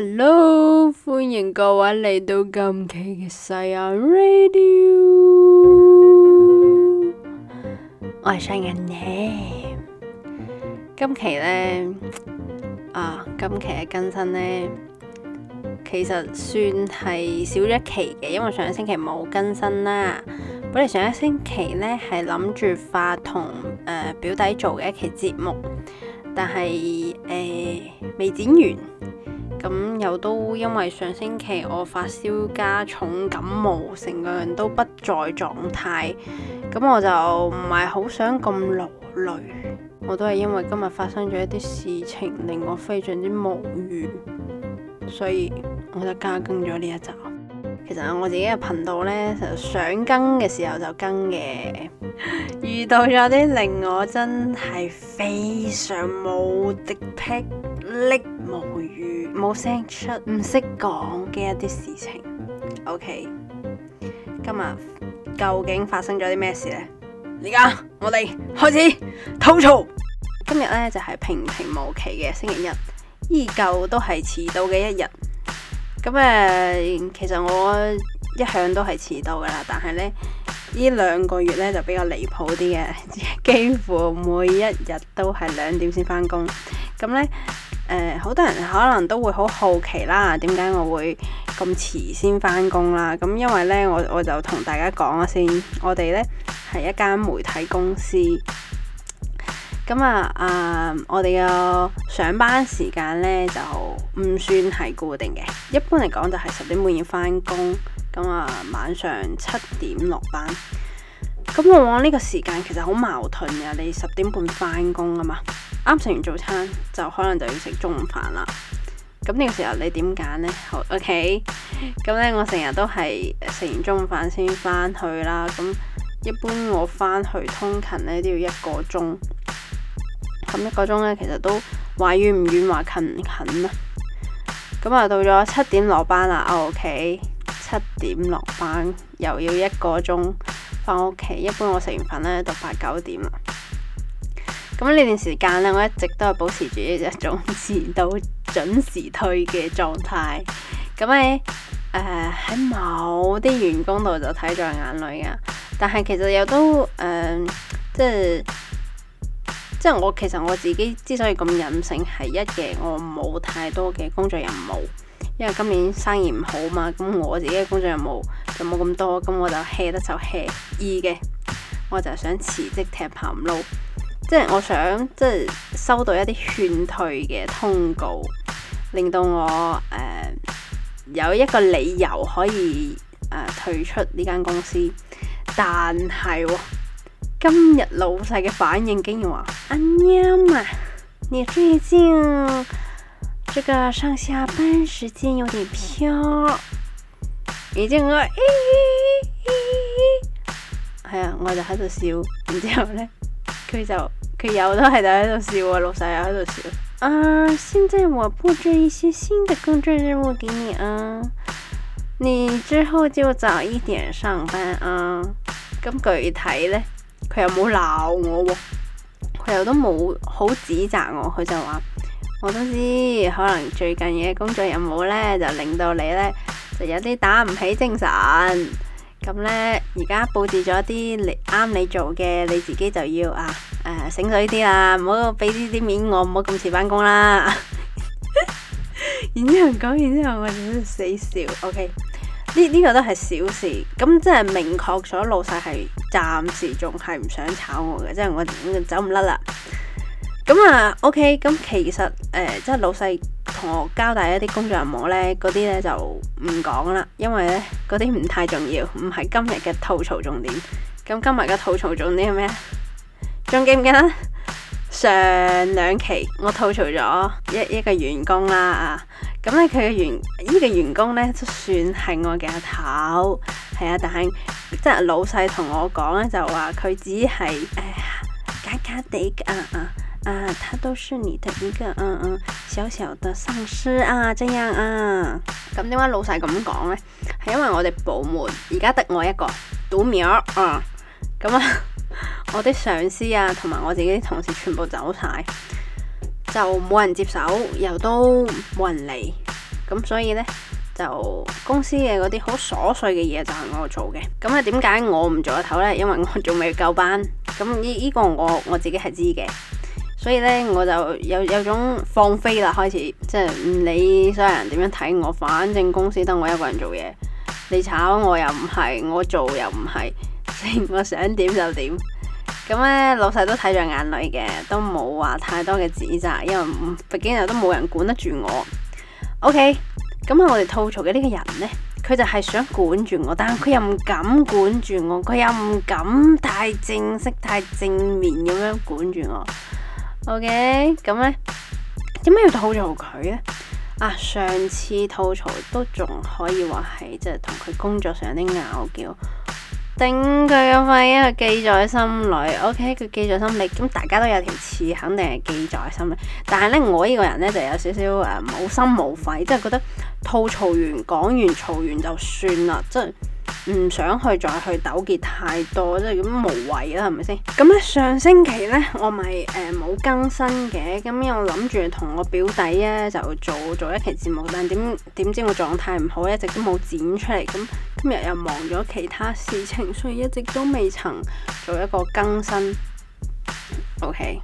Hello，歡迎各位嚟到今期嘅細眼 Radio，我係細眼嘢。今期呢，啊，今期嘅更新呢，其實算係少咗一期嘅，因為上一星期冇更新啦。本嚟上一星期呢，係諗住發同誒表弟做嘅一期節目，但係誒未剪完。咁又都因為上星期我發燒加重感冒，成個人都不在狀態，咁我就唔係好想咁勞累。我都係因為今日發生咗一啲事情令我非常之無語，所以我就加更咗呢一集。其實我自己嘅頻道呢，就想更嘅時候就更嘅， 遇到咗啲令我真係非常無敵霹靂無語，冇聲出，唔識講嘅一啲事情。OK，今日究竟發生咗啲咩事呢？而家我哋開始吐槽。今日呢，就係、是、平平無奇嘅星期一，依舊都係遲到嘅一日。咁誒、呃，其實我一向都係遲到噶啦，但係呢，呢兩個月呢，就比較離譜啲嘅， 幾乎每一日都係兩點先返工。咁呢，誒，好、呃、多人可能都會好好奇啦，點解我會咁遲先翻工啦？咁、嗯、因為呢，我我就同大家講咗先，我哋呢係一間媒體公司，咁啊啊，我哋嘅上班時間呢就唔算係固定嘅，一般嚟講就係十點半要翻工，咁、嗯、啊晚上七點落班，咁、嗯、往往呢個時間其實好矛盾啊，你十點半翻工啊嘛。啱食完早餐就可能就要食中午飯啦，咁呢個時候你點揀呢？好 OK，咁呢，我成日都係食完中午飯先返去啦，咁一般我返去通勤呢都要一個鐘，咁一個鐘呢，其實都話遠唔遠，話近唔近啊？咁啊到咗七點落班啦，OK，七點落班又要一個鐘翻屋企，一般我食完飯呢，就八九點啦。咁呢段時間咧，我一直都係保持住一種遲到、準時退嘅狀態。咁誒，喺、呃、某啲員工度就睇在眼裏嘅、啊。但係其實又都誒、呃，即係即係我其實我自己之所以咁任性係一嘅，我冇太多嘅工作任務，因為今年生意唔好嘛。咁我自己嘅工作任務就冇咁多，咁我就 hea 得就 hea 二嘅，我就想辭職踢跑唔撈。即係我想即係收到一啲勸退嘅通告，令到我誒、呃、有一個理由可以誒、呃、退出呢間公司。但係、哦、今日老細嘅反應竟然話，阿 Lam、啊啊，你最近這個上下班時間有點飄。已經我係啊、哎哎哎哎哎哎哎，我就喺度笑，然之後呢佢就。佢又都係就喺度笑，老細又喺度笑啊！Uh, 現在我佈置一些新的工作任務給你啊，你之後就早一點上班啊。咁具體呢，佢又冇鬧我啊，佢又都冇好指責我，佢就話我都知，可能最近嘅工作任務呢，就令到你呢，就有啲打唔起精神。咁呢，而家佈置咗啲你啱你做嘅，你自己就要啊。誒、啊，醒水啲啦，唔好俾呢啲面我，唔好咁遲返工啦。然之後講完之後，我哋都死笑。O K，呢呢個都係小事，咁即係明確咗老細係暫時仲係唔想炒我嘅，即係我、嗯、走唔甩啦。咁啊，O K，咁其實誒、呃，即係老細同我交代一啲工作任務呢，嗰啲呢就唔講啦，因為呢，嗰啲唔太重要，唔係今日嘅吐槽重點。咁今日嘅吐槽重點係咩？仲記唔記得上兩期我吐槽咗一一個員工啦，啊，咁咧佢嘅員呢個員工咧都算係我嘅阿頭，係啊，但係即係老細同我講咧就話佢只係誒假假地啊啊啊，他都是你的一個嗯、啊、嗯、啊、小小的上司啊這樣啊，咁點解老細咁講咧？係因為我哋部門而家得我一個獨苗，嗯嗯嗯嗯嗯、啊，咁啊。我啲上司啊，同埋我自己啲同事全部走晒，就冇人接手，又都冇人嚟，咁所以呢，就公司嘅嗰啲好瑣碎嘅嘢就係我做嘅。咁啊，點解我唔做得頭呢？因為我仲未夠班，咁呢呢個我我自己係知嘅，所以呢，我就有有種放飛啦，開始即係唔理所有人點樣睇我，反正公司得我一個人做嘢，你炒我又唔係，我做又唔係。我想點就點，咁咧老細都睇在眼裏嘅，都冇話太多嘅指責，因為畢竟又都冇人管得住我。OK，咁啊，我哋吐槽嘅呢個人呢，佢就係想管住我，但係佢又唔敢管住我，佢又唔敢太正式、太正面咁樣管住我。OK，咁呢？點解要吐槽佢咧？啊，上次吐槽都仲可以話係即係同佢工作上有啲拗撬。頂佢個肺，佢記在心裏。OK，佢記在心裏。咁大家都有條刺，肯定係記在心裏。但係咧，我呢個人咧就有少少誒冇心冇肺，即係覺得吐槽完、講完、嘈完就算啦，即係。唔想去再去糾結太多，即係咁無謂啦，係咪先？咁咧上星期呢，我咪誒冇更新嘅，咁我諗住同我表弟咧就做做一期節目，但點點知我狀態唔好，一直都冇剪出嚟。咁今日又忙咗其他事情，所以一直都未曾做一個更新。OK，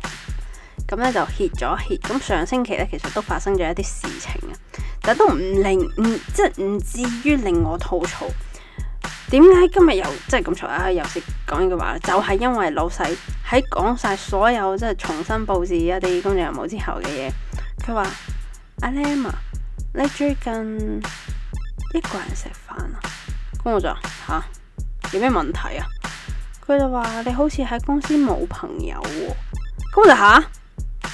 咁咧就歇咗歇。咁上星期咧，其實都發生咗一啲事情啊，但都唔令唔即係唔至於令我吐槽。點解今日又即係咁錯啊？又識講呢句話，就係、是、因為老細喺講晒所有即係重新布置一啲工作任務之後嘅嘢，佢話，阿 l a m a 你最近一個人食飯啊？咁、哦、我就話吓，有咩問題啊？佢就話你好似喺公司冇朋友喎，咁就吓，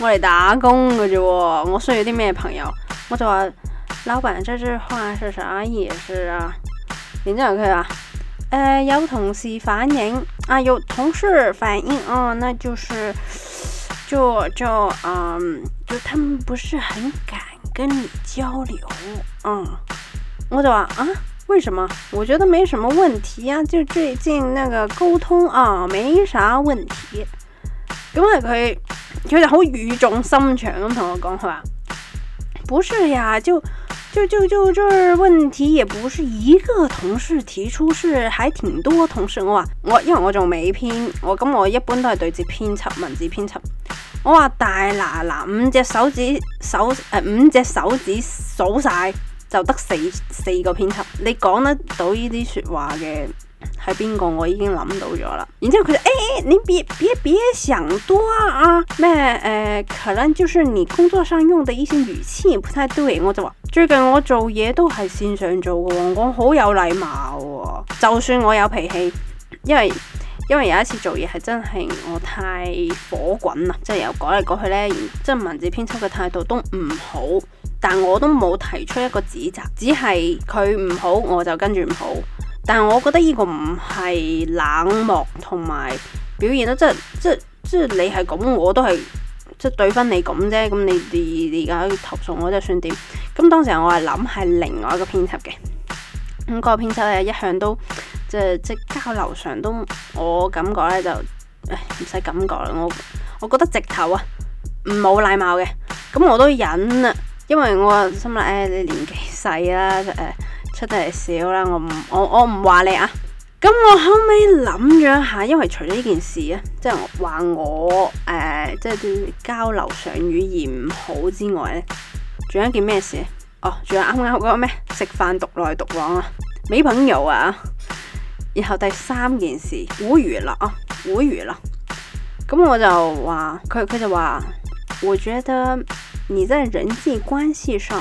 我嚟打工嘅啫，我需要啲咩朋友？我就話老闆，追句話是啥意思啊？名字好看啊，呃，有同事反映啊，有同事反映啊、嗯，那就是，就就嗯，就他們不是很敢跟你交流，嗯，我就講啊，啊，為什麼？我覺得沒什麼問題啊，就最近那個溝通啊，沒啥問題，因為佢佢就好語重心長咁同我講話，不是呀，就。就就就，這問題也不是一個同事提出事，是還挺多同事啊。我話，我因為我仲未拼，我咁，嗯、我一般都係對接編輯文字編輯。我話大拿嗱五隻手指手誒、呃，五隻手指數晒就得四四個編輯，你講得到呢啲說話嘅？係邊個我已經諗到咗啦，然後佢就：「誒誒，你別別別想多啊，咩誒、呃，可能就算你工作上用的啲先如此，唔太對。我就話最近我做嘢都係線上做嘅，我好有禮貌，哦，就算我有脾氣，因為因為有一次做嘢係真係我太火滾啦，即係又講嚟講去呢，即係文字編輯嘅態度都唔好，但我都冇提出一個指責，只係佢唔好，我就跟住唔好。但係我覺得呢個唔係冷漠同埋表現啦，即係即係即係你係咁，我都係即係對翻你咁啫。咁你你而家投訴我，就算點。咁當時我係諗係另外一個編輯嘅，咁個編輯咧一向都即係即係交流上都，我感覺咧就，誒唔使咁講啦，我我覺得直頭啊，唔冇禮貌嘅。咁我都忍啦，因為我心諗，誒、哎、你年紀細啦，誒。哎出得嚟少啦，我唔我我唔話你啊。咁我後尾諗咗一下，因為除咗呢件事啊，即係話我誒，即、呃、係、就是、交流上語言唔好之外咧，仲有一件咩事？哦，仲有啱啱嗰個咩食飯獨來獨往啊，冇朋友啊。然後第三件事，無語啦啊，無語啦。咁我就話佢，佢就話，我覺得你在人際關係上。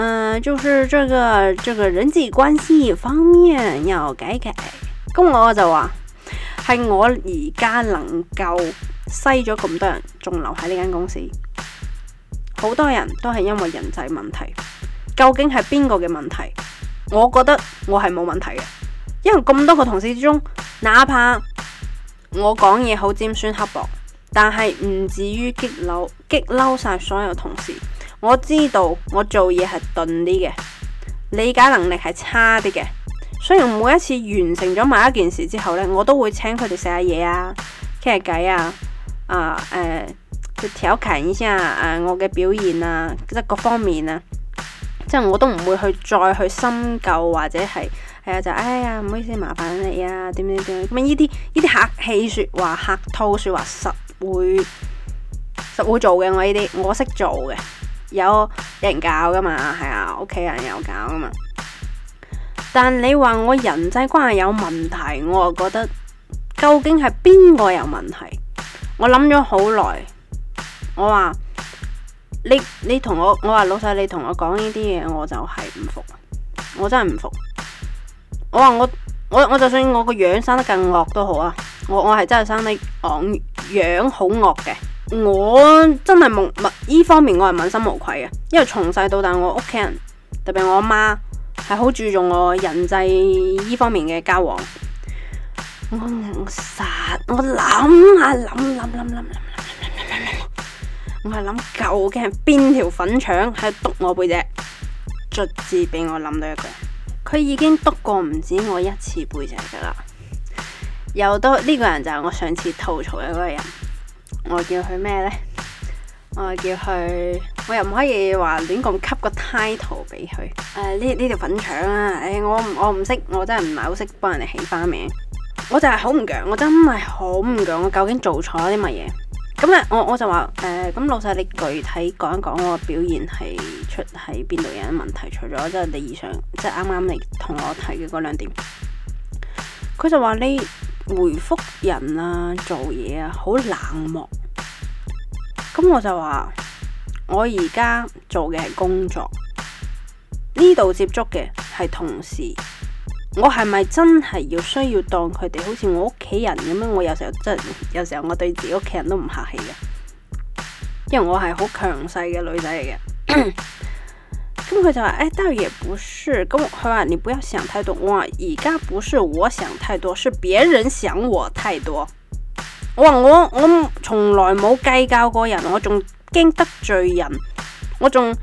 嗯，uh, 就是這個這個人際關係方面要改改，咁我就話，係我而家能夠篩咗咁多人，仲留喺呢間公司，好多人都係因為人際問題。究竟係邊個嘅問題？我覺得我係冇問題嘅，因為咁多個同事之中，哪怕我講嘢好尖酸刻薄，但係唔至於激嬲激嬲晒所有同事。我知道我做嘢係鈍啲嘅，理解能力係差啲嘅。雖然每一次完成咗某一件事之後呢，我都會請佢哋食下嘢啊，傾下偈啊，啊誒，就調侃一下我嘅表現啊，即各方面啊，即係我都唔會去再去深究或者係係啊就哎呀唔好意思麻煩你啊，點點點咁呢啲呢啲客氣說話、客套說話實會實會做嘅，我呢啲我識做嘅。有人教噶嘛，係啊，屋企人有教噶嘛。但你話我人際關係有問題，我又覺得究竟係邊個有問題？我諗咗好耐，我話你你同我，我，老我話老細你同我講呢啲嘢，我就係唔服，我真係唔服。我話我我我就算我個樣生得更惡都好啊，我我係真係生得我樣好惡嘅。我真係物依方面，我係問心無愧啊！因為從細到大，我屋企人，特別我阿媽，係好注重我人際依方面嘅交往。我實我諗下諗諗諗諗諗諗諗諗，我係諗究竟係邊條粉腸喺度篤我背脊，卒之俾我諗到一個人，佢已經篤過唔止我一次背脊噶啦。又多呢個人就係我上次吐槽嘅嗰個人。我叫佢咩呢？我叫佢，我又唔可以話亂咁吸個 title 俾佢。誒、呃，呢呢條粉腸啊，誒、欸，我我唔識，我真係唔係好識幫人哋起花名。我就係好唔強，我真係好唔強。我究竟做錯咗啲乜嘢？咁、嗯、啊，我我就話，誒、呃，咁老細你具體講一講我嘅表現係出喺邊度有啲問題？除咗即係你以上，即係啱啱你同我提嘅嗰兩點。佢就話你。回覆人啊，做嘢啊，好冷漠。咁我就話：我而家做嘅係工作，呢度接觸嘅係同事。我係咪真係要需要當佢哋好似我屋企人咁樣？我有時候真係，有時候我對自己屋企人都唔客氣嘅，因為我係好強勢嘅女仔嚟嘅。 咁佢、嗯、就嘛，哎、欸，倒也不是，咁佢話，你不要想太多。我話而家不是我想太多，是別人想我太多。我話我我從來冇計較過人，我仲驚得罪人，我仲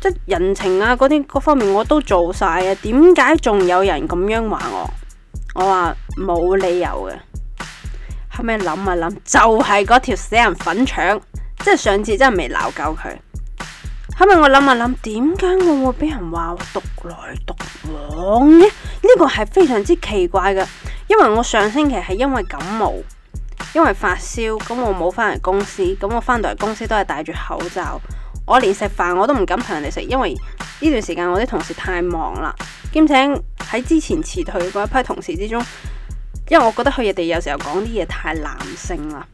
即人情啊嗰啲各方面我都做晒嘅，點解仲有人咁樣話我？我話冇理由嘅。後尾諗下諗，就係嗰條死人粉腸，即上次真係未鬧夠佢。咁啊！係咪我諗下諗，點解我會俾人話獨來獨往呢？呢個係非常之奇怪噶因為我上星期係因為感冒，因為發燒，咁我冇翻嚟公司，咁我翻到嚟公司都係戴住口罩，我連食飯我都唔敢同人哋食，因為呢段時間我啲同事太忙啦，兼且喺之前辭退嗰一批同事之中，因為我覺得佢哋有時候講啲嘢太男性啦，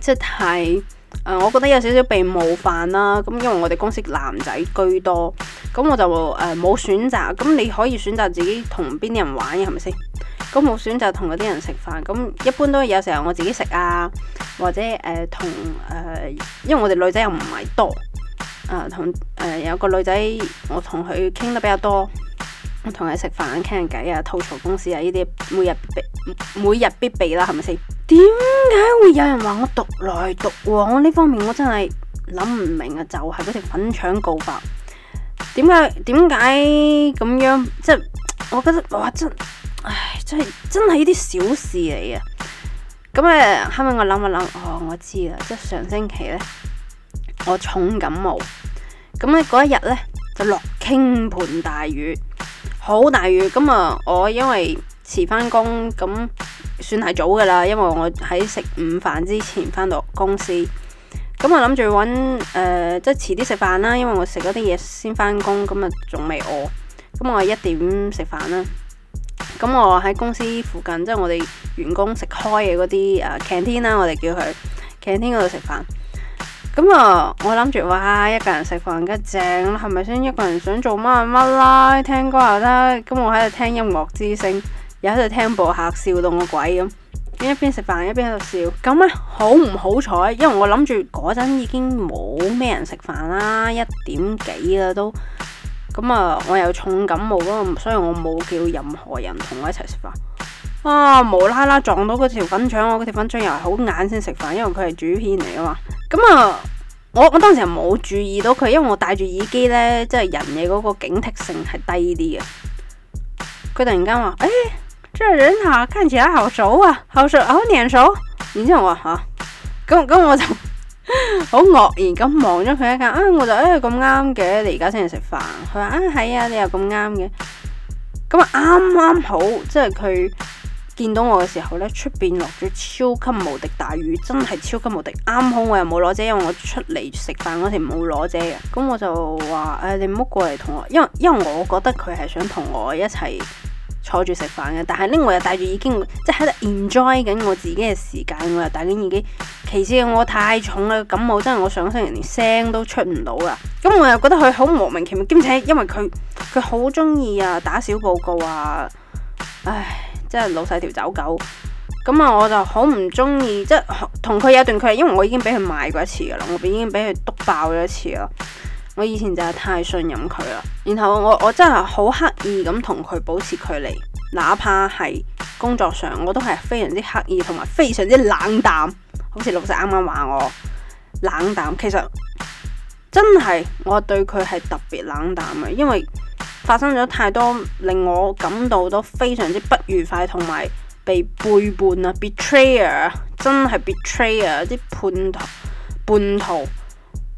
即係太呃、我覺得有少少被冒犯啦，咁因為我哋公司男仔居多，咁我就誒冇、呃、選擇，咁你可以選擇自己同邊啲人玩嘅係咪先？咁冇選擇同嗰啲人食飯，咁一般都有時候我自己食啊，或者誒同誒，因為我哋女仔又唔係多，誒同誒有個女仔，我同佢傾得比較多。我同你食飯傾偈啊，吐槽公司啊，呢啲每日必每日必備啦，係咪先？點解會有人話我獨來獨往呢？我呢方面我真係諗唔明啊，就係嗰條粉腸告白。點解點解咁樣？即係我覺得哇真唉，真係真係呢啲小事嚟啊。咁誒，後尾我諗一諗，哦，我知啦，即係上星期呢，我重感冒，咁咧嗰一日呢，就落傾盆大雨。好大雨，咁啊，我因為遲翻工，咁算係早㗎啦，因為我喺食午飯之前翻到公司，咁我諗住揾誒，即係遲啲食飯啦，因為我食咗啲嘢先翻工，咁啊仲未餓，咁我一點食飯啦，咁我喺公司附近，即係我哋員工食開嘅嗰啲誒 canteen 啦，我哋叫佢 canteen 嗰度食飯。咁啊、嗯！我諗住哇，一個人食飯梗正啦，係咪先？一個人想做乜啊？乜啦，聽歌又得。咁、嗯、我喺度聽音樂之聲，又喺度聽播客，笑到我鬼咁。咁一邊食飯一邊喺度笑咁啊，好唔好彩？因為我諗住嗰陣已經冇咩人食飯啦，一點幾啦都咁啊、嗯！我又重感冒咯，所以我冇叫任何人同我一齊食飯啊！無啦啦撞到嗰條粉腸，我嗰條粉腸又係好晏先食飯，因為佢係主編嚟噶嘛。咁啊、嗯，我我當時係冇注意到佢，因為我戴住耳機呢，即係人嘅嗰個警惕性係低啲嘅。佢突然間話：，誒、欸，這忍下，跟住一好熟啊，好熟、啊，好臉熟、啊啊。然後我話吓，咁咁我就好愕然咁望咗佢一眼，啊，我就誒咁啱嘅，你而家先嚟食飯。佢話：，啊，係啊，你又咁啱嘅。咁啊，啱啱好，即係佢。見到我嘅時候呢，出邊落咗超級無敵大雨，真係超級無敵。啱好我又冇攞遮，因為我出嚟食飯嗰時冇攞遮嘅。咁我就話：，誒、哎，你唔好過嚟同我，因為因為我覺得佢係想同我一齊坐住食飯嘅。但係呢，我又戴住耳機，即係喺度 enjoy 緊我自己嘅時間，但我又戴緊耳機。其次，我太重啦，感冒真係我想聲連聲都出唔到啊。咁我又覺得佢好莫名其妙，兼且因為佢佢好中意啊打小報告啊，唉。即係老細條走狗，咁啊我就好唔中意，即係同佢有一段距離，因為我已經俾佢賣過一次噶啦，我已已經俾佢篤爆咗一次咯。我以前就係太信任佢啦，然後我我真係好刻意咁同佢保持距離，哪怕係工作上，我都係非常之刻意同埋非常之冷淡，好似老細啱啱話我冷淡，其實真係我對佢係特別冷淡嘅，因為。發生咗太多令我感到都非常之不愉快，同埋被背叛啊，betrayer，真係 betrayer 啲叛徒、叛徒，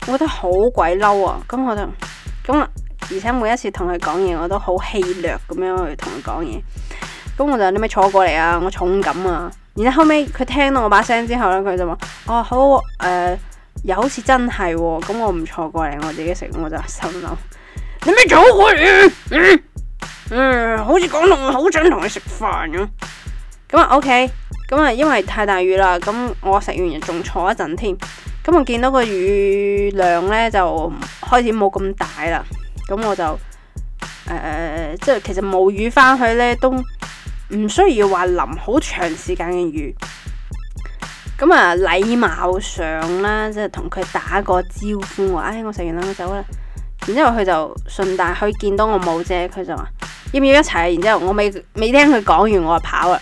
我覺得好鬼嬲啊！咁我就咁，而且每一次同佢講嘢，我都好氣弱咁樣去同佢講嘢。咁我就你咪坐過嚟啊，我重感啊。然後後尾佢聽到我把聲之後咧，佢就話：啊 hello, uh, 哦，好誒，又好似真係，咁我唔坐過嚟，我自己食，我就心諗。你咩早去、啊嗯？嗯，好似講到我好想同你食飯咁。咁啊，OK，咁啊，因為太大雨啦，咁我食完仲坐一陣添。咁我見到個雨量呢，就開始冇咁大啦，咁我就即係、呃、其實冇雨返去呢，都唔需要話淋好長時間嘅雨。咁啊，禮貌上啦，即係同佢打個招呼。唉、哎，我食完啦，我走啦。然之後佢就順帶，佢見到我冇啫，佢就話要唔要一齊啊？然之後我未未聽佢講完，我就跑啦。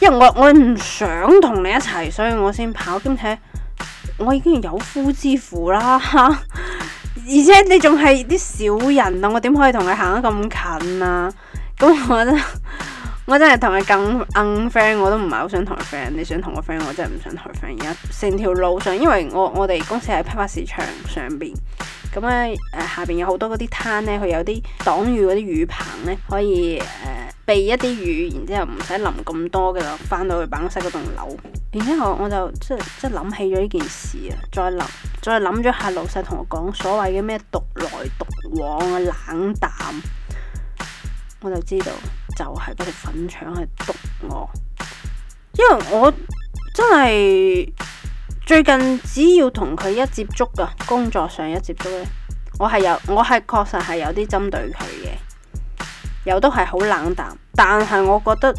因為我我唔想同你一齊，所以我先跑。兼且我已經有夫之婦啦， 而且你仲係啲小人啊，我點可以同你行得咁近啊？咁我真。 我真係同佢更硬 friend，我都唔係好想同佢 friend。你想同我 friend，我真係唔想同佢 friend。而家成條路上，因為我我哋公司喺批發市場上邊，咁咧誒下邊有好多嗰啲攤咧，佢有啲擋雨嗰啲雨棚咧，可以誒、呃、避一啲雨，然之後唔使淋咁多㗎啦。翻到去辦公室嗰棟樓，然之後我就即係即係諗起咗呢件事毒毒啊，再諗再諗咗下，老細同我講所謂嘅咩獨來獨往啊、冷淡。我就知道，就係嗰條粉腸係篤我，因為我真係最近只要同佢一接觸啊，工作上一接觸呢，我係有，我係確實係有啲針對佢嘅，又都係好冷淡。但係我覺得，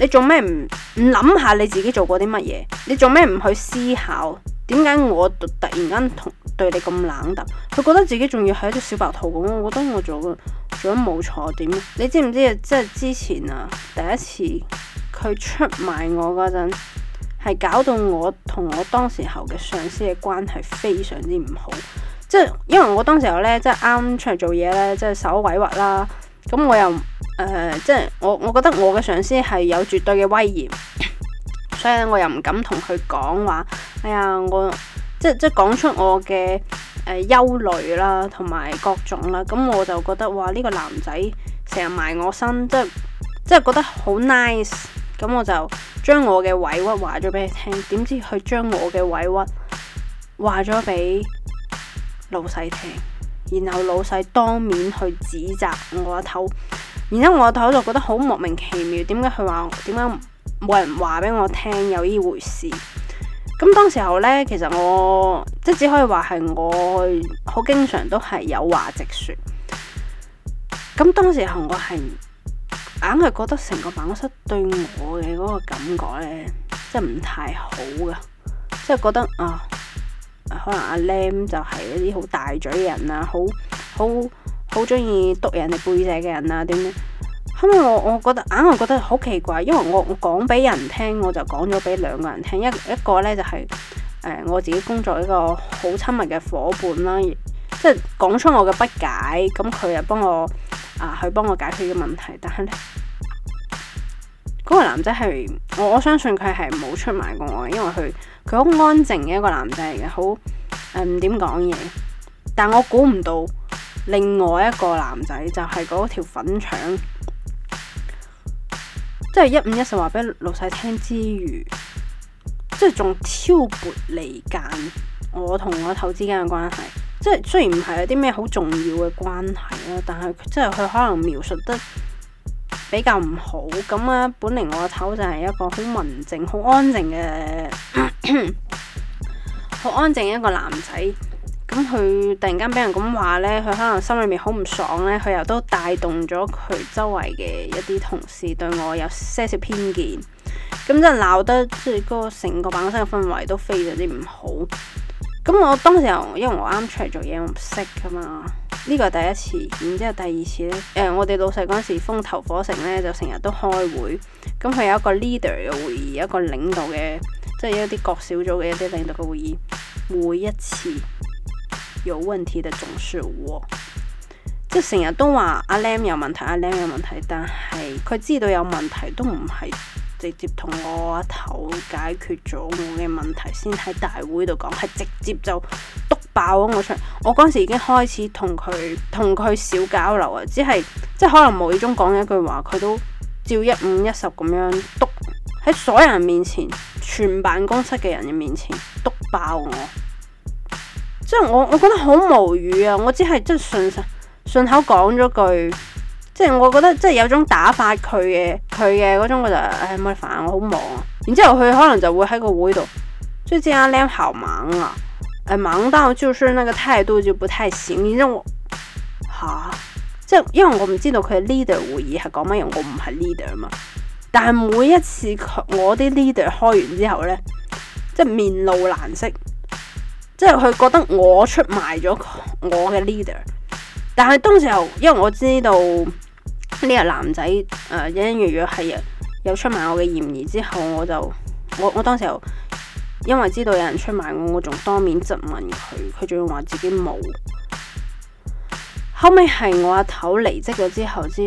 你做咩唔唔諗下你自己做過啲乜嘢？你做咩唔去思考？點解我突突然間同對你咁冷淡？佢覺得自己仲要係一隻小白兔咁，我覺得我做嘅。如果冇錯點？你知唔知啊？即係之前啊，第一次佢出賣我嗰陣，係搞到我同我當時候嘅上司嘅關係非常之唔好。即係因為我當時候呢，即係啱出嚟做嘢呢，即係受委屈啦。咁我又誒、呃，即係我我覺得我嘅上司係有絕對嘅威嚴，所以咧我又唔敢同佢講話。哎呀我～即係即係講出我嘅誒憂慮啦，同埋各種啦，咁、嗯、我就覺得哇呢、這個男仔成日埋我身，即係即係覺得好 nice，咁、嗯、我就將我嘅委屈話咗俾佢聽，點知佢將我嘅委屈話咗俾老細聽，然後老細當面去指責我阿頭，然後我阿頭就覺得好莫名其妙，點解佢話點解冇人話俾我聽有呢回事？咁當時候呢，其實我即只可以話係我好經常都係有話直說。咁當時候我係硬係覺得成個辦公室對我嘅嗰個感覺呢，即係唔太好噶，即係覺得啊，可能阿 Lam 就係一啲好大嘴嘅人啊，好好好中意督人哋背脊嘅人啊，點樣。咁我、嗯、我覺得硬係覺得好奇怪，因為我我講俾人聽，我就講咗俾兩個人聽，一一個呢就係、是、誒、呃、我自己工作一個好親密嘅伙伴啦，即係講出我嘅不解，咁佢又幫我啊去幫我解決嘅問題。但係呢，嗰、那個男仔係我我相信佢係冇出賣過我，因為佢佢好安靜嘅一個男仔嚟嘅，好唔點講嘢，但我估唔到另外一個男仔就係嗰條粉腸。即係一五一十話俾老細聽之餘，即係仲挑撥離間我同我阿頭之間嘅關係。即係雖然唔係有啲咩好重要嘅關係啦，但係即係佢可能描述得比較唔好咁啊。本嚟我阿頭就係一個好文靜、好安靜嘅、好 安靜嘅一個男仔。咁佢突然間俾人咁話呢，佢可能心裏面好唔爽呢。佢又都帶動咗佢周圍嘅一啲同事對我有些少偏見，咁真鬧得即係嗰個成個辦公室嘅氛圍都非常之唔好。咁我當時又因為我啱出嚟做嘢，我唔識噶嘛，呢個係第一次。然之後第二次呢。誒、呃，我哋老細嗰陣時風頭火盛呢，就成日都開會。咁佢有一個 leader 嘅會議，一個領導嘅，即係一啲各小組嘅一啲領導嘅會議，每一次。有問題的總是我，即係成日都話阿 Lam 有問題，阿 Lam 有問題，但係佢知道有問題都唔係直接同我阿頭解決咗我嘅問題，先喺大會度講，係直接就篤爆我出嚟。我嗰時已經開始同佢同佢少交流啊，只係即係可能無意中講一句話，佢都照一五一十咁樣篤喺所有人面前，全辦公室嘅人嘅面前篤爆我。即係我，我覺得好無語啊！我只係即係順順口講咗句，即係我覺得即係有種打發佢嘅佢嘅嗰種，我就誒咪煩，我好忙啊！然之後佢可能就會喺個會度。最近阿 Lam 好忙啊，誒忙到就是那個態度就不太行。然之後我吓，即係因為我唔知道佢 leader 會議係講乜嘢，我唔係 leader 啊嘛。但係每一次我啲 leader 開完之後咧，即係面露難色。即係佢覺得我出賣咗我嘅 leader，但係當時候，因為我知道呢個男仔誒隱隱約約係有出賣我嘅嫌疑之後，我就我我當時候，因為知道有人出賣我，我仲，當面質問佢，佢仲要話自己冇，後尾係我阿頭離職咗之後之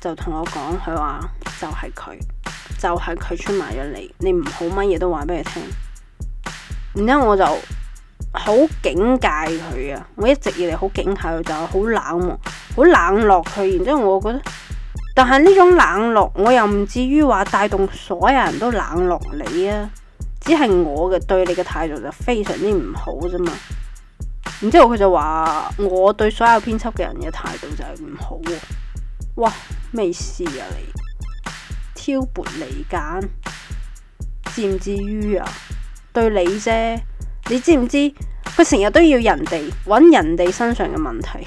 就同我講，佢話就係佢就係、是、佢出賣咗你，你唔好乜嘢都話俾佢聽。然之後我就。好警戒佢啊！我一直以嚟好警戒佢，就係好冷漠、好冷落佢。然之後我覺得，但係呢種冷落，我又唔至於話帶動所有人都冷落你啊。只係我嘅對你嘅態度就非常之唔好啫嘛。然之後佢就話我對所有編輯嘅人嘅態度就係唔好啊。哇，咩事啊，你挑撥離間，至唔至於啊？對你啫。你知唔知佢成日都要人哋揾人哋身上嘅問題，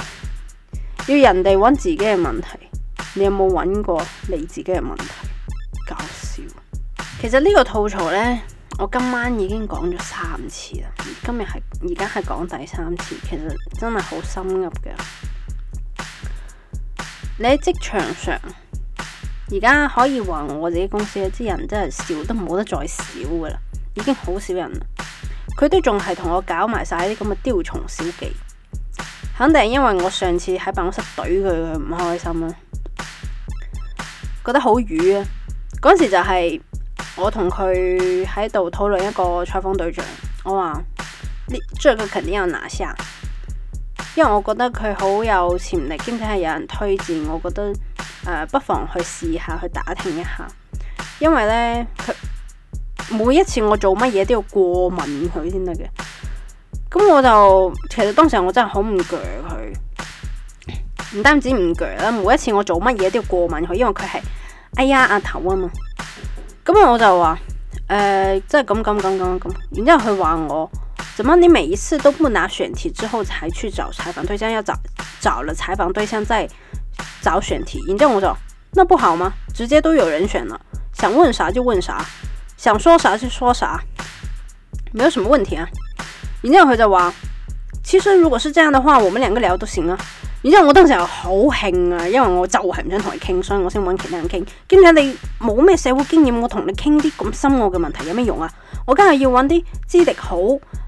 要人哋揾自己嘅問題。你有冇揾過你自己嘅問題？搞笑。其實呢個吐槽呢，我今晚已經講咗三次啦，今日係而家係講第三次，其實真係好深入嘅。你喺職場上，而家可以話我自己公司啲人真係少得冇得再少噶啦，已經好少人啦。佢都仲係同我搞埋晒啲咁嘅雕蟲小技，肯定係因為我上次喺辦公室懟佢，佢唔開心啦，覺得好瘀啊。嗰時就係我同佢喺度討論一個採訪對象，我話呢，佢肯定有拿下，因為我覺得佢好有潛力，兼且係有人推薦，我覺得、呃、不妨去試下去打聽一下，因為呢，佢。每一次我做乜嘢都要過問佢先得嘅，咁我就其實當時我真係好唔鋸佢，唔單止唔鋸啦，每一次我做乜嘢都要過問佢，因為佢係哎呀阿頭啊嘛。咁、啊、我就話誒，即係咁咁咁咁咁。然之後佢話我，怎麼你每一次都不拿選題之後，才去找採訪對象？要找找了採訪對象再找選題，然之後我就，那不好嗎？直接都有人選了，想問啥就問啥。想說啥就說啥，沒有什麼問題啊。然之後佢就話，其實如果是這樣的話，我們兩個聊都行啊。然之後我當時好興啊，因為我就係唔想同佢傾，所以我先揾其他人傾。跟住你冇咩社會經驗，我同你傾啲咁深奧嘅問題有咩用啊？我梗係要揾啲資歷好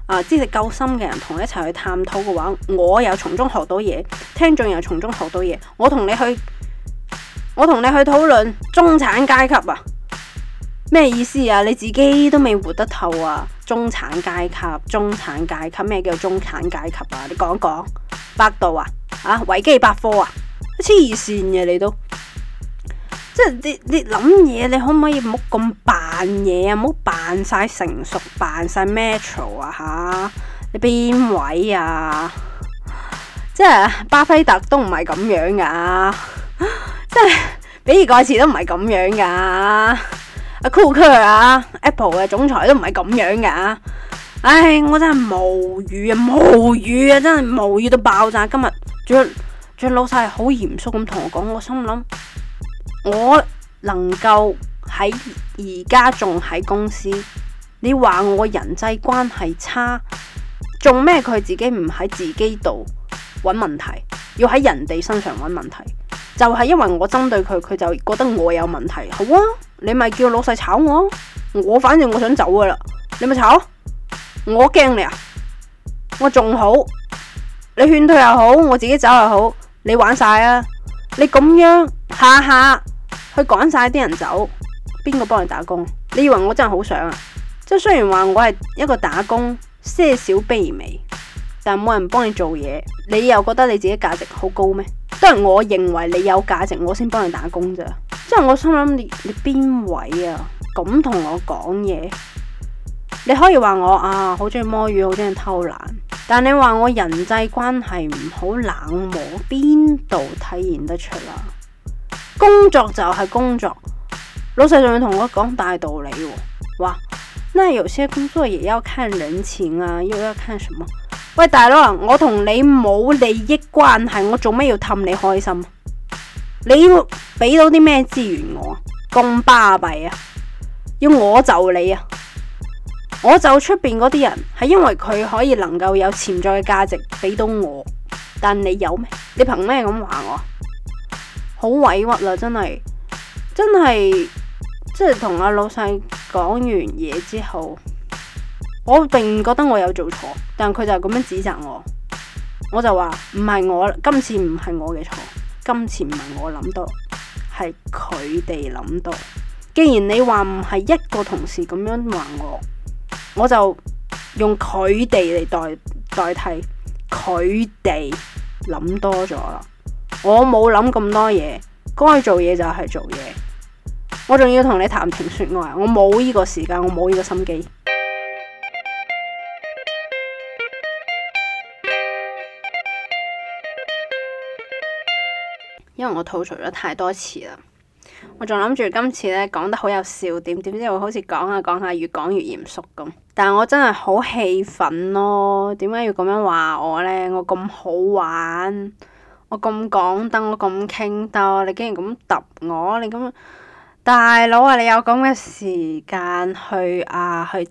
啊、資歷夠深嘅人同我一齊去探討嘅話，我又從中學到嘢，聽眾又從中學到嘢。我同你去，我同你去討論中產階級啊！咩意思啊？你自己都未活得透啊！中產階級，中產階級咩叫中產階級啊？你講講百度啊？啊，維基百科啊？黐綫嘅你都，即係你你諗嘢，你可唔可以唔好咁扮嘢啊？唔好扮晒成熟，扮晒 Metro 啊？吓、啊、你邊位啊？即係巴菲特都唔係咁樣噶、啊，即、啊、係比爾蓋茨都唔係咁樣噶、啊。阿 Cook 啊，Apple 嘅總裁都唔係咁樣嘅唉，我真係無語啊，無語啊，真係無語到爆炸。今日張張老細好嚴肅咁同我講，我心諗我能夠喺而家仲喺公司，你話我人際關係差，做咩佢自己唔喺自己度揾問題？要喺人哋身上揾問題，就係因為我針對佢，佢就覺得我有問題。好啊，你咪叫老細炒我，我反正我想走噶啦，你咪炒，我驚你啊，我仲好，你勸退又好，我自己走又好，你玩晒啊，你咁樣，下下，去趕晒啲人走，邊個幫你打工？你以為我真係好想啊？即係雖然話我係一個打工，些少卑微。但冇人幫你做嘢，你又覺得你自己價值好高咩？都係我認為你有價值，我先幫你打工咋。即係我心諗你你邊位啊，咁同我講嘢？你可以話我啊，好中意摸魚，好中意偷懶，但你話我人際關係唔好冷，冷漠邊度體現得出啦、啊？工作就係工作，老細仲要同我講大道理喎、啊。哇，那有些工作也要看人情啊，又要看什麼？喂，大佬啊，我同你冇利益關係，我做咩要氹你開心？你要俾到啲咩資源我？咁巴閉啊，要我就你啊？我就出邊嗰啲人，係因為佢可以能夠有潛在嘅價值俾到我，但你有咩？你憑咩咁話我？好委屈啦，真係，真係，即係同阿老細講完嘢之後。我並唔覺得我有做錯，但佢就咁樣指責我，我就話唔係我，今次唔係我嘅錯，今次唔係我諗多，係佢哋諗多。既然你話唔係一個同事咁樣話我，我就用佢哋嚟代代替，佢哋諗多咗啦。我冇諗咁多嘢，該做嘢就係做嘢，我仲要同你談情說愛，我冇呢個時間，我冇呢個心機。因為我吐槽咗太多次啦，我仲諗住今次咧講得好有笑點，點知我好似講下講下越講越嚴肅咁。但係我真係好氣憤咯，點解要咁樣話我咧？我咁好玩，我咁講，等我咁傾，但你竟然咁揼我，你咁大佬啊！你有咁嘅時間去啊去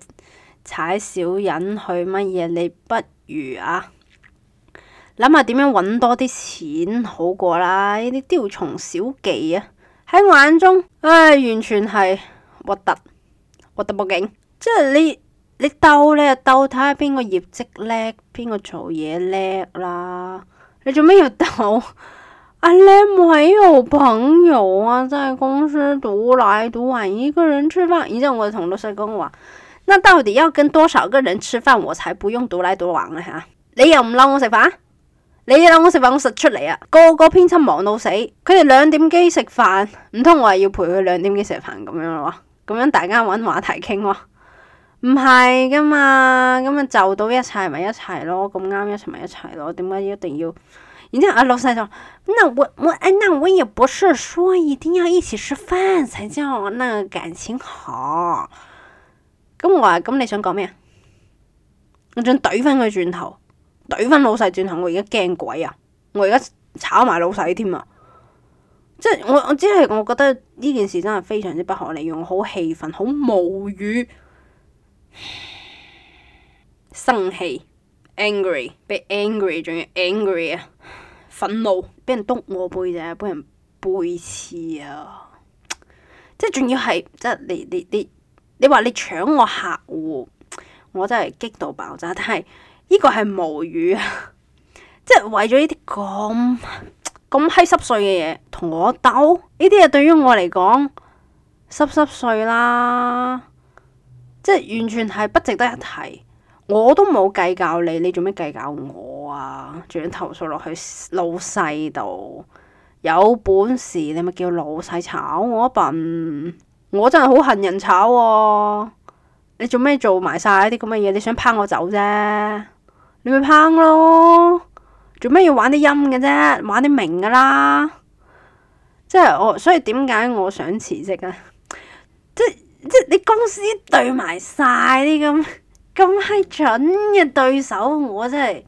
踩小人去乜嘢？你不如啊！諗下點樣搵多啲錢好過啦？呢啲雕蟲小技啊，喺我眼中唉、哎，完全係核突核突報警。即係你你鬥呢鬥，睇下邊個業績叻，邊個做嘢叻啦。你做咩要鬥？啊，你冇朋友啊？在公司獨來獨往，一個人吃飯。然之後我就同老細講話，那到底要跟多少個人吃飯，我才不用獨來獨往啊？吓，你又唔撈我食飯？你哋兩個食飯，我實出嚟啊。個個編輯忙到死，佢哋兩點幾食飯，唔通我係要陪佢兩點幾食飯咁樣咯？咁樣大家搵話題傾喎，唔係噶嘛？咁就到一齊咪一齊咯，咁啱一齊咪一齊咯，點解一定要？然之後阿、啊、老細就話：，那我我誒，那我也不是說一定要一起吃飯才叫那個感情好。咁我話：，咁你想講咩啊？我想懟翻佢轉頭。懟翻老細轉頭，我而家驚鬼啊！我而家炒埋老細添啊！即係我我只係我覺得呢件事真係非常之不可理喻，讓我好氣憤、好無語、生氣、angry，俾 angry，仲要 angry 啊！憤怒，俾人督我背脊，俾人背刺啊！即係仲要係，即係你你你你話你搶我客戶，我真係激到爆炸，但係。呢個係無語啊！ 即係為咗呢啲咁咁閪濕碎嘅嘢同我鬥呢啲嘢，對於我嚟講濕濕碎啦，即係完全係不值得一提。我都冇計較你，你做咩計較我啊？仲要投訴落去老細度，有本事你咪叫老細炒我一笨。我真係好恨人炒、啊、你做咩做埋晒啲咁嘅嘢？你想拋我走啫、啊？你咪烹咯，做咩要玩啲陰嘅啫？玩啲明噶啦，即係我，所以點解我想辭職啊？即係即係你公司對埋晒啲咁咁閪蠢嘅對手，我真係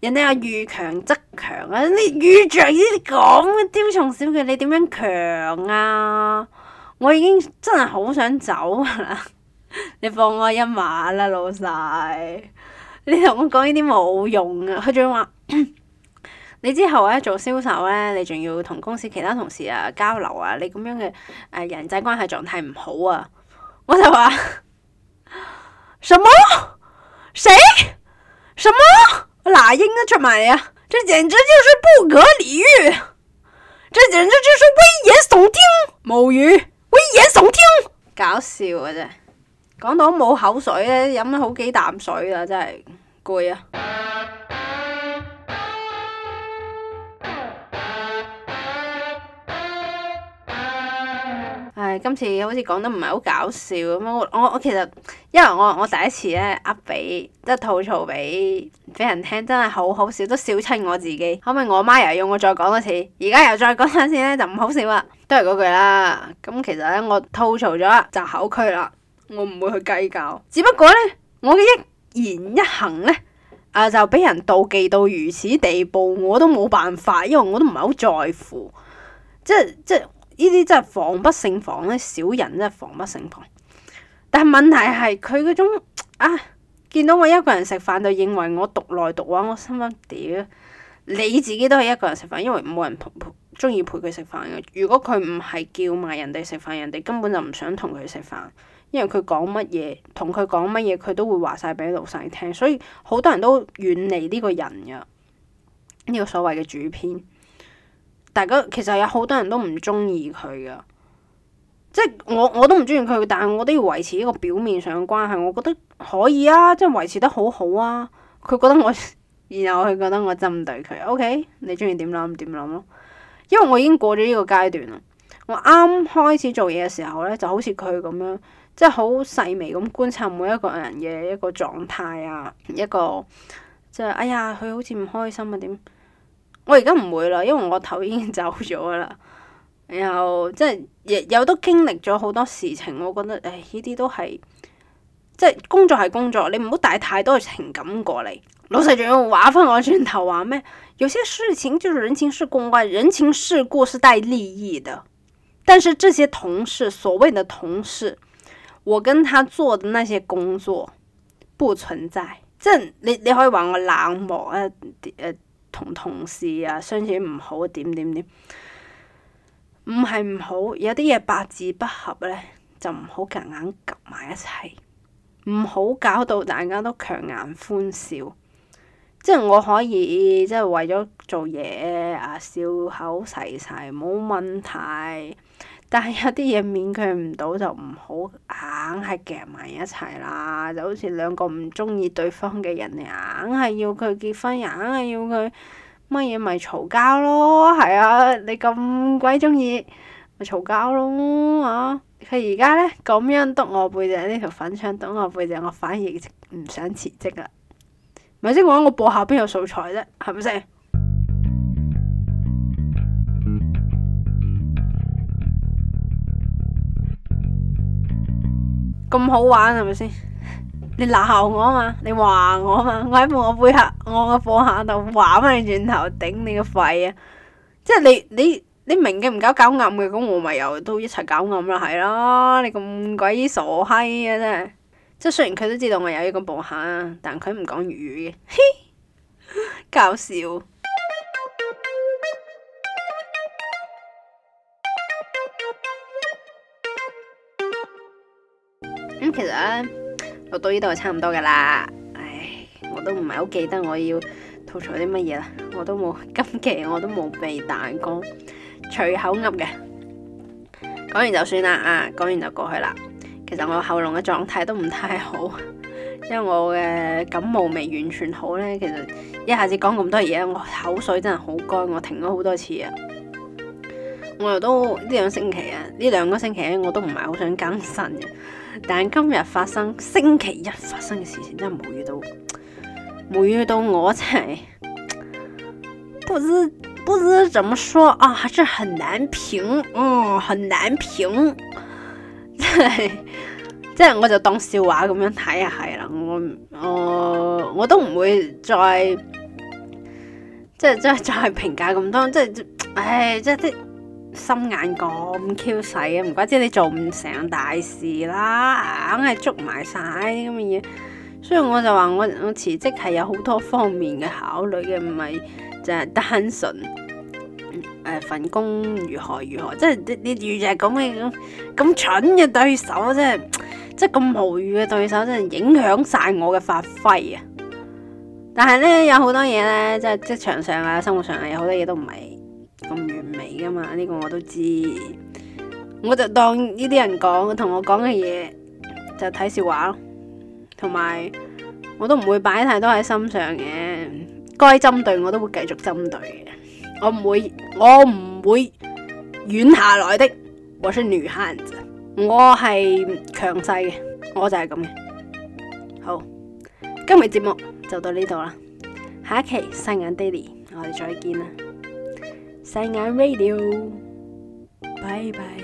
人哋話遇強則強啊！你遇着呢啲咁嘅雕蟲小技，你點樣強啊？我已經真係好想走啦， 你放我一馬啦，老細。你同我講呢啲冇用啊！佢仲要話你之後咧做銷售咧，你仲要同公司其他同事啊交流啊！你咁樣嘅誒人際關係狀態唔好啊！我就話什麼誰什麼那英都出埋嚟啊！這簡直就是不可理喻，這簡直就是危言聳聽，無語危言聳聽，搞笑啊。啫。講到冇口水咧，飲咗好幾啖水啦，真係攰啊！唉，今次好似講得唔係好搞笑咁咯。我我，我其實因為我我第一次咧噏俾即係吐槽俾俾人聽，真係好好笑，都笑親我自己。後尾我媽又用我再講多次，而家又再講多次咧，就唔好笑啦。都係嗰句啦。咁其實咧，我吐槽咗啦，就口區啦。我唔會去計較，只不過呢，我嘅一言一行呢，啊就俾人妒忌到如此地步，我都冇辦法，因為我都唔係好在乎，即係即係呢啲真係防不勝防咧，小人真係防不勝防。但係問題係佢嗰種啊，見到我一個人食飯就認為我獨來獨往，我心諗屌你自己都係一個人食飯，因為冇人陪。中意陪佢食飯嘅。如果佢唔係叫埋人哋食飯，人哋根本就唔想同佢食飯。因為佢講乜嘢，同佢講乜嘢，佢都會話晒俾老細聽。所以好多人都遠離呢個人㗎。呢個所謂嘅主編，大家其實有好多人都唔中意佢嘅。即係我我都唔中意佢，但係我都要維持呢個表面上嘅關係。我覺得可以啊，即係維持得好好啊。佢覺得我，然後佢覺得我針對佢。OK，你中意點諗點諗咯。因為我已經過咗呢個階段啦，我啱開始做嘢嘅時候咧，就好似佢咁樣，即係好細微咁觀察每一個人嘅一個狀態啊，一個即係、就是、哎呀，佢好似唔開心啊點？我而家唔會啦，因為我頭已經走咗啦，然後即係亦有都經歷咗好多事情，我覺得誒呢啲都係即係工作係工作，你唔好帶太多嘅情感過嚟。老細仲要話返我轉頭話咩？有些事情就是人情世故啊，人情世故是帶利益的。但是這些同事，所謂的同事，我跟他做的那些工作不存在。即係你你可以話我冷漠、啊，誒、啊、誒，同同事啊相處唔好、啊，點點點？唔係唔好，有啲嘢八字不合咧，就唔好夾硬夾埋一齊，唔好搞到大家都強顏歡笑。即係我可以，即係為咗做嘢啊，笑口噬噬冇問題。但係有啲嘢勉強唔到就唔好，硬係夾埋一齊啦。就好似兩個唔中意對方嘅人，硬係要佢結婚，硬係要佢乜嘢，咪嘈交咯。係啊，你咁鬼中意咪嘈交咯嚇。佢而家咧咁樣督我背脊，呢條粉腸督我背脊，我反而唔想辭職啦。咪先，我我播下邊有素材啫，係咪先？咁好玩係咪先？你鬧我啊嘛，你話我啊嘛，我喺我背後，我個播客度話翻你轉頭，頂你個肺啊！即係你你你明嘅，唔搞搞暗嘅，咁我咪又都一齊搞暗啦，係咯？你咁鬼傻閪啊，真係！即係雖然佢都知道我有呢個播客，但佢唔講粵語嘅，嘿， 搞笑。咁、嗯、其實呢，我到呢度係差唔多噶啦。唉，我都唔係好記得我要吐槽啲乜嘢啦。我都冇今期我都冇背蛋糕，隨口噏嘅。講完就算啦，啊，講完就過去啦。其實我喉嚨嘅狀態都唔太好，因為我嘅感冒未完全好呢，其實一下子講咁多嘢，我口水真係好乾，我停咗好多次啊。我又都呢兩星期啊，呢兩個星期我都唔係好想更新嘅。但今日發生星期一發生嘅事情，真係無語到，無語到我真係。不知，不知怎麼說啊，真係很難評，嗯，很難評。真即係我就當笑話咁樣睇啊，係啦，我我我都唔會再即係即係再評價咁多，即係唉，即係啲心眼咁 Q 細嘅，唔怪之你做唔成大事啦，硬係捉埋晒啲咁嘅嘢。所以我就話我我辭職係有好多方面嘅考慮嘅，唔係就係單純誒份工如何如何，即係你你遇就係咁嘅咁咁蠢嘅對手，即係。即係咁無語嘅對手，真係影響晒我嘅發揮啊！但係呢，有好多嘢呢，就是、即係職場上啊、生活上啊，有好多嘢都唔係咁完美噶嘛。呢、呢個我都知，我就當呢啲人講同我講嘅嘢就睇、是、笑話咯。同埋我都唔會擺太多喺心上嘅，該針對我都會繼續針對嘅。我唔會，我唔會軟下來的。我是女漢子。我係強勢嘅，我就係咁嘅。好，今日節目就到呢度啦。下一期細眼 daily，我哋再見啦，細眼 radio，拜拜。